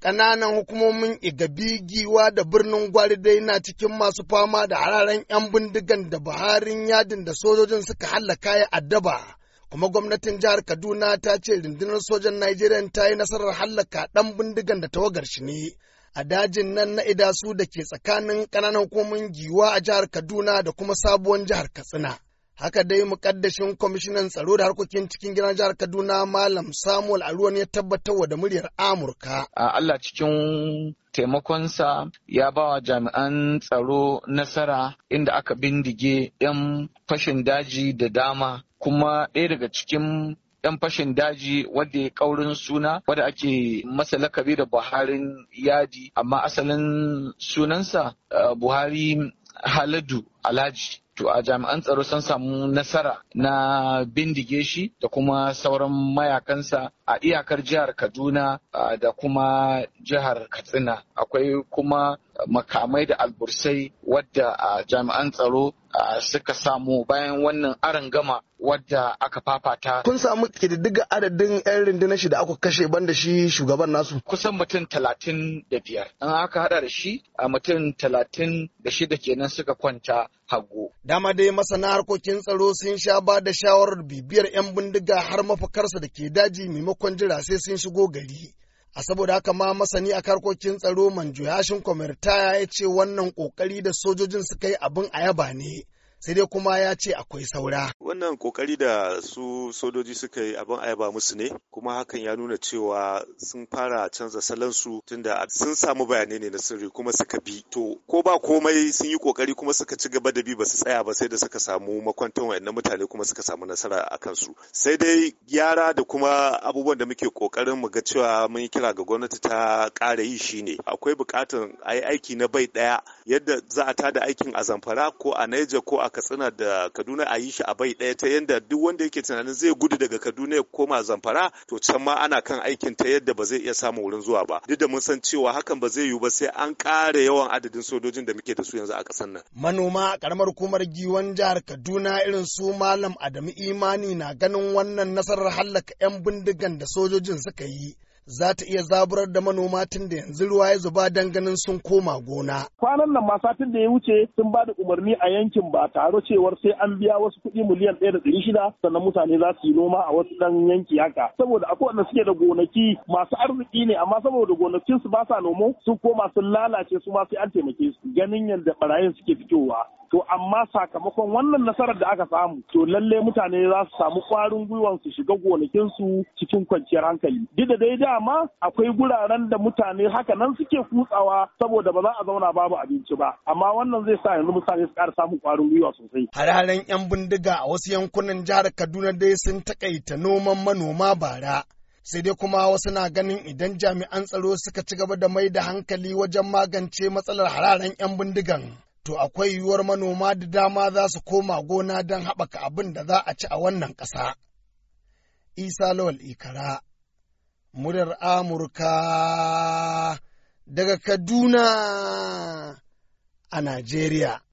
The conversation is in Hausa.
ƙananan hukumomin igabi giwa da birnin gwari dai na cikin masu fama da hararen 'yan bindigan da buharin yadin da sojojin suka hallaka ya addaba kuma gwamnatin jihar kaduna ta ce rundunar sojan najeriya ta yi nasarar hallaka ɗan bindigan da tawagar shi ne a dajin nan na idasu da ke tsakanin ƙananan hukumomin giwa a jihar kaduna da kuma sabuwar jihar katsina Haka dai mukaddashin kwamishinan tsaro da harkokin cikin gidan jihar Kaduna Malam Samuel Aruwan ya tabbatar wa da muryar Amurka. A Allah cikin taimakonsa ya ba wa jami'an tsaro nasara inda aka bindige 'yan fashin daji da dama kuma ɗaya daga cikin 'yan fashin daji wadda ya kaurin suna wadda ake masa lakabi da buharin yadi amma asalin sunansa eh, buhari haladu alhaji to a jami'an tsaro sun samu nasara na bindige shi da kuma sauran mayakansa a iyakar jihar kaduna da kuma jihar katsina akwai kuma makamai da albursai wadda jami'an tsaro suka samu bayan wannan aron gama wadda aka fafata. Kun samu ƙididdiga adadin 'yan rundunar shi da aka kashe ban da shi shugaban nasu? Kusan mutum talatin da biyar. An aka hada da shi a mutum talatin da shida kenan suka kwanta hagu. Dama dai masana harkokin tsaro sun sha ba da shawarar bibiyar 'yan bindiga har mafakarsa da ke daji maimakon jira sai sun shigo gari. a saboda haka ma masani a karkokin tsaro manjo yashin ya ce wannan kokari da sojojin suka yi abin a yaba ne sai dai kuma ya ce akwai saura. Wannan kokari da su sojoji suka yi abin ayaba musu ne kuma hakan ya nuna cewa sun fara canza salansu tunda sun samu bayanai ne na sirri kuma suka bi to ko ba komai sun yi kokari kuma suka ci gaba da bi ba su tsaya ba sai da suka samu makwantan wayannan mutane kuma suka samu nasara a kansu sai dai gyara da kuma abubuwan da muke kokarin mu ga cewa mun yi kira ga gwamnati ta ƙara yi shi ne. akwai buƙatar a yi aiki na bai ɗaya yadda za a tada aikin a zamfara ko a Niger ko a katsina da kaduna a yi shi a bai ɗaya ta yadda duk wanda yake tunanin zai gudu daga kaduna ya koma zamfara to can ma ana kan aikin ta yadda ba zai iya samun wurin zuwa ba duk da mun san cewa hakan ba zai yiwu ba sai an ƙara yawan adadin sojojin da muke da su yanzu a ƙasar nan manoma a ƙaramar hukumar giwan jihar kaduna irin su malam adamu imani na ganin wannan nasarar hallaka 'yan bindigan da sojojin suka yi za ta iya zaburar da manoma tun da yanzu ruwa ya zuba don ganin sun koma gona. Kwanan nan ma satin da ya wuce sun ba da umarni a yankin ba taro cewar sai an biya wasu kuɗi miliyan ɗaya da ɗari shida sannan mutane za su yi noma a wasu ɗan yanki haka. Saboda akwai wanda suke da gonaki masu arziki ne amma saboda gonakin su ba sa nomo sun koma sun lalace su ma sai an taimake su ganin yadda ɓarayin suke fitowa. to amma sakamakon wannan nasarar da aka samu to lalle mutane za su samu kwarin gwiwan su shiga gonakinsu cikin kwanciyar hankali duk da dai dama akwai guraren da mutane haka nan suke kutsawa saboda ba za a zauna babu abinci ba amma wannan zai sa yanzu mutane su ƙara samun kwarin gwiwa sosai Hararen haren 'yan bindiga a wasu yankunan jihar kaduna dai sun takaita noman manoma bara sai dai kuma wasu na ganin idan jami'an tsaro suka ci gaba da mai da hankali wajen magance matsalar hararen 'yan bindigan to akwai yiwuwar manoma da dama za su koma gona don haɓaka abin da za a ci a wannan ƙasa. Isa Lawal Ikara, murar Amurka daga Kaduna a Najeriya.